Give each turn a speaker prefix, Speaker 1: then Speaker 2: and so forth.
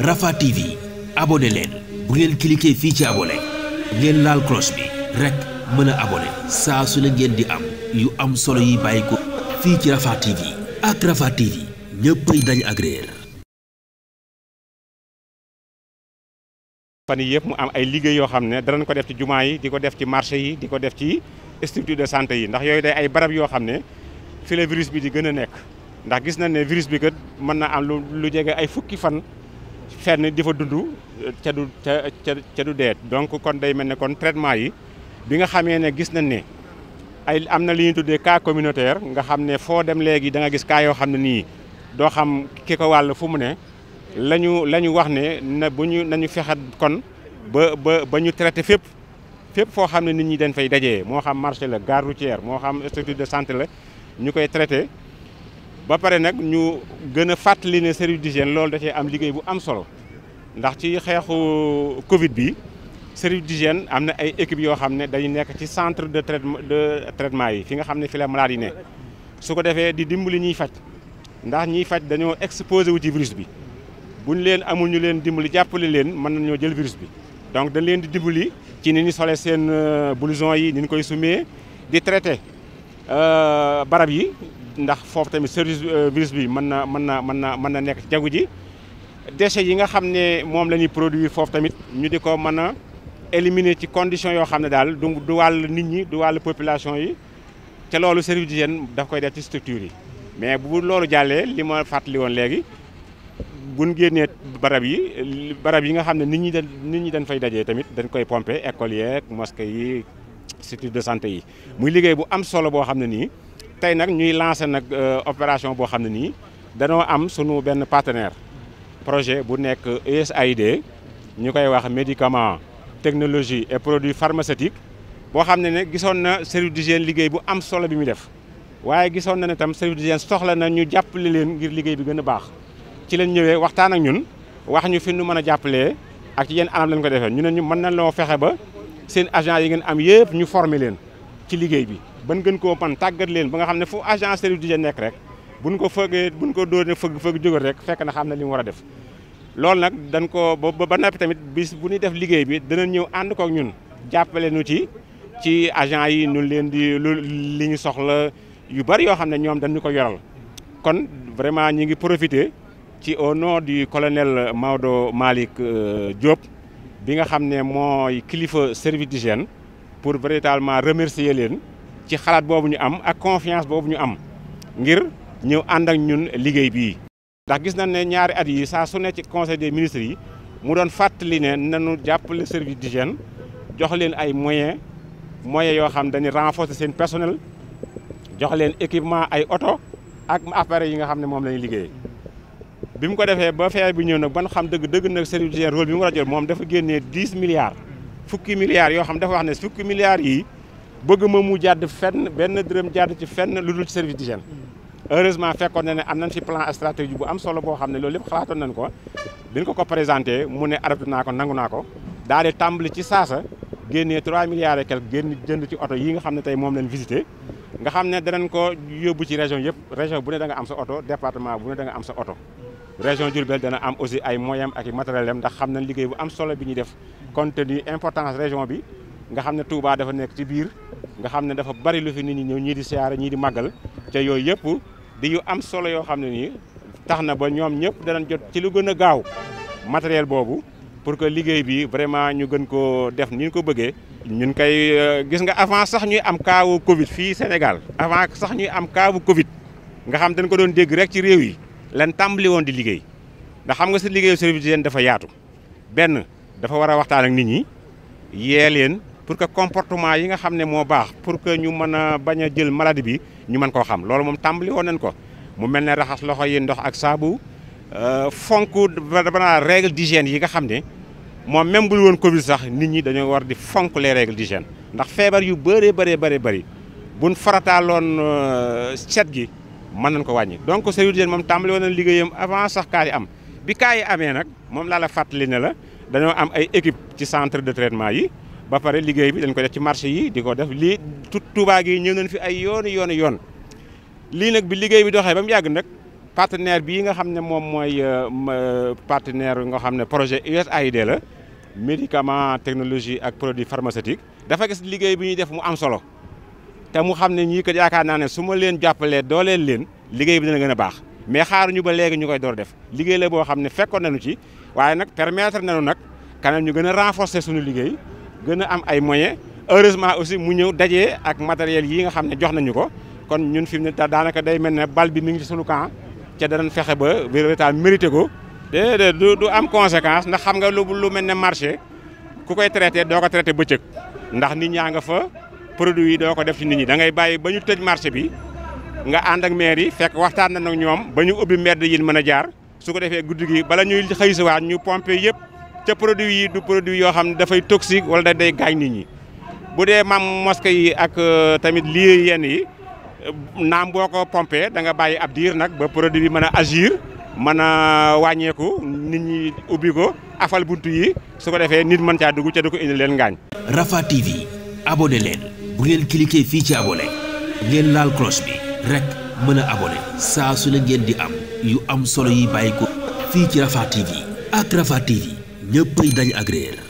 Speaker 1: Rafah TV abonné leen bu ngeen cliquer fii ci abonné ngeen laal cloche bi rek mën a abonné saa su ne ngeen di am yu am solo yi bàyyi ko fii ci Rafah TV ak Rafah TV ñëppay dañ ak réer yëpp mu am ay liggéey yoo xam ne danañ ko def ci jumaa yi di ko def ci marché yi di ko def ci structure de santé yi ndax yooyu day ay barab yoo xam ne fi la virus bi di gën a nekk ndax gis nañ ne virus bi kat mën na am lu lu jege ay fukki fan fenn di fa dund eh, ca du ca ca du dee donc kon day mel ne kon traitement yi bi nga xamee ne gis nañ ne ay am na li ñuy tuddee cas communautaire nga xam ne foo dem léegi da nga gis kaa yoo xam ne nii doo xam ki ko wàll fu mu ne la ñu la ñu wax ne na bu ñu nañu fexat kon ba ba ba ñu traité fépp fépp foo xam ne nit ñi dañ fay dajee moo xam marché la gare routière moo xam structure de santé la ñu koy traité ba pare nag ñu gën a fàttali ne service d'hygiène loolu da cee am liggéey bu am solo ndax ci xeexu Covid bi service d'hygiène am na ay équipe yoo xam ne dañu nekk ci centre de traitement traitement yi fi nga xam ne fi la yi ne su ko defee di dimbali ñuy faj ndax ñiy faj dañoo exposé wu ci virus bi buñ leen amul ñu leen dimbali jàppale leen mën nañoo jël virus bi donc dañ leen di dimbali ci ni ñu sole seen euh, blouson yi ni ñu koy sumee di traité euh, barab yi ndax foofu tamit service euh, virus bi mën na mën na mën na mën na nekk ci jagu ji déchets yi nga xam ne moom la ñuy produire foofu tamit ñu di ko mën a éliminer ci condition yoo xam ne daal du du wàll nit ñi du wàll population yi te loolu service d'hygiène daf koy def ci structure yi mais bu loolu jàllee li ma fàttali woon léegi buñ génnee barab yi barab yi nga xam ne nit ñi dañ nit ñi dañ fay dajee tamit dañ koy pompe école yeeg mosquée yi structure de santé yi muy liggéey bu am solo boo xam ne nii tey nag ñuy lancer nag euh, opération boo xam ne nii danoo am sunu benn partenaire projet bu nekk USAID e ñu koy wax médicament technologie et produit pharmaceutiques boo xam ne ne gisoon na service d'hygiène liggéey bu am solo bi muy def waaye gisoon na ne tam service d'hygiène soxla na ñu jàppale leen ngir liggéey bi gën a baax ci leen ñëwee waxtaan ak ñun wax ñu fi nu mën a jàppalee ak ci yenn anam lañ ko defee ñu ne ñu mën nañ loo fexe ba seen agent yi ngeen am yëpp ñu former leen ci liggéey bi ban gën koo pan tàggat leen ba nga xam ne fu agence du d'hygiène nekk rek bu buñ ko fëggee buñ ko dóor ne fëgg fëgg jógal rek fekk na xam ne li mu war a def loolu nag dañ ko ba ba noppi tamit bis bu ñuy def liggéey bi dana ñëw ànd kook ñun jàppale nu ci ci agent yi ñu leen di lu li ñu soxla yu bari yoo xam ne ñoom dañu ko yoral kon vraiment ñi ngi profité ci au nom di colonel Maodo Malick euh, Diop bi nga xam ne mooy kilifa service d'hygiène pour véritablement remercier leen ci xalaat boobu ñu am ak confiance boobu ñu am ngir ñëw ànd ak ñun liggéey bii. ndax gis nañ ne ñaari at yi saa su ne ci conseil des ministres yi mu doon fàttali ne nañu jàppale service d'hygiène jox leen ay moyens moyens yoo xam dañuy renforcer seen personnel jox leen équipement ay oto ak appareils yi nga xam ne moom la ñuy liggéey bi mu ko defee ba feer bi ñëw nag ban xam dëgg dëgg nag service d'hygiène rôle bi mu war a jël moom dafa génnee dix milliards bëgg ma mu jàdd fenn benn dërëm jàdd ci fenn lu dul ci service d'hygiène heureusement fekkoon na ne am nañ fi plan stratégique bu am solo boo xam ne loolu lépp xalaatoon nañ ko biñ ko ko présenté mu ne arrêté naa ko nangu naa ko daal tàmbali ci saasa génnee 3 milliards et quelque génn jënd ci oto yi nga xam ne tey moom leen visité nga xam ne danañ ko yóbbu ci région yëpp région bu ne da nga am sa oto département bu ne am sa oto région Diourbel dana am aussi ay moyens ak i matériel am ndax xam nañ liggéey bu am solo bi ñuy def compte tenu importance région bi nga xam ne tuubaa dafa nekk ci biir nga xam ne dafa bari lu fi nit ñi ñëw ñii di siyaare ñii di màggal te yooyu yëpp di yu am solo yoo xam ne nii tax na ba ñoom ñëpp danañ jot ci lu gën a gaaw matériel boobu pour que liggéey bi vraiment ñu gën koo def ni ko bëggee. ñun kay euh, gis nga avant sax ñuy am kaawu Covid fii Sénégal avant sax ñuy am kaawu Covid nga xam dañ ko doon dégg rek ci réew yi lan tàmbali woon di liggéey ndax xam nga si liggéeyu service d'hygiène dafa yaatu benn dafa war a waxtaan ak nit ñi yee pour que comportement yi nga xam ne moo baax pour que ñu mën a bañ a jël maladie bi ñu mën koo xam loolu moom tàmbali woon nañ ko mu mel ne raxas loxo yi ndox ak saabu euh, fonk banaa règle d'hygiène yi nga xam ne moom même bu woon Covid sax nit ñi dañoo war di fonk les di d'hygiène ndax feebar yu bëree bëree bëri bëri buñ farataaloon euh, set gi mën nañ ko wàññi donc service d'hygiène moom tàmbali woon nañ liggéeyam avant sax kaa yi am bi kaa yi amee nag moom laa fàttali ne la dañoo am ay équipe ci centre de traitement yi ba pare liggéey bi dañ ko def ci marché yi di ko def lii tout Touba gi ñëw nañ fi ay yoon yoon yoon lii nag bi liggéey bi doxee ba mu yàgg nag partenaire bii nga xam ne moom mooy euh, euh, partenaire nga xam ne projet USAID la médicament technologie ak produit pharmaceutique dafa gis liggéey bi ñuy def mu am solo te mu xam ne ñii ko yaakaar naa ne su ma leen jàppalee dooleel leen liggéey bi dina gën a baax mais xaaruñu ba léegi ñu koy door def liggéey la boo xam ne fekkoon nañu ci waaye nag permettre nañu nag kanam ñu gën a renforcer suñu liggéey gën a am ay moyens heureusement aussi mu ñëw dajee ak matériel yi nga xam ne jox nañu ko kon ñun fi mu ne daanaka day mel ne bal bi mi ngi ci sunu camp ca danañ fexe ba résultat mérité ko. déedéet du du am conséquence ndax xam nga lu lu mel ne marché ku koy traité doo ko traité bëccëg ndax nit ñaa nga fa produit yi doo ko def ci nit ñi da ngay bàyyi ba ñu tëj marché bi nga ànd ak maire yi fekk waxtaan na nag ñoom ba ñu ubbi mbedd yin mën a jaar su ko defee guddi gi bala ñuy xëy ñu pompé yëpp. ca produit yi du produit yoo xam ne dafay toxique walla da day gaañ nit ñi bu dee maam mosquée yi ak euh, tamit lii yenn yi euh, naam boo ko pompé da nga bàyyi ab diir nag ba produit yi mën a agir mën a wàññeeku nit ñi ubbi ko afal buntu yi su ko defee nit mën caa dugg ca du ko indi leen ngaañ. Rafah TV abonné leen bu ngeen cliquer fii ci abonné ngeen laal cloche bi rek mën a abonné saa su ne ngeen di am yu am solo yi bàyyi ko fii ci Rafah TV ak Rafah TV. ñëppay dañ agréer